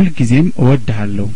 ሁልጊዜም እወድሃለሁ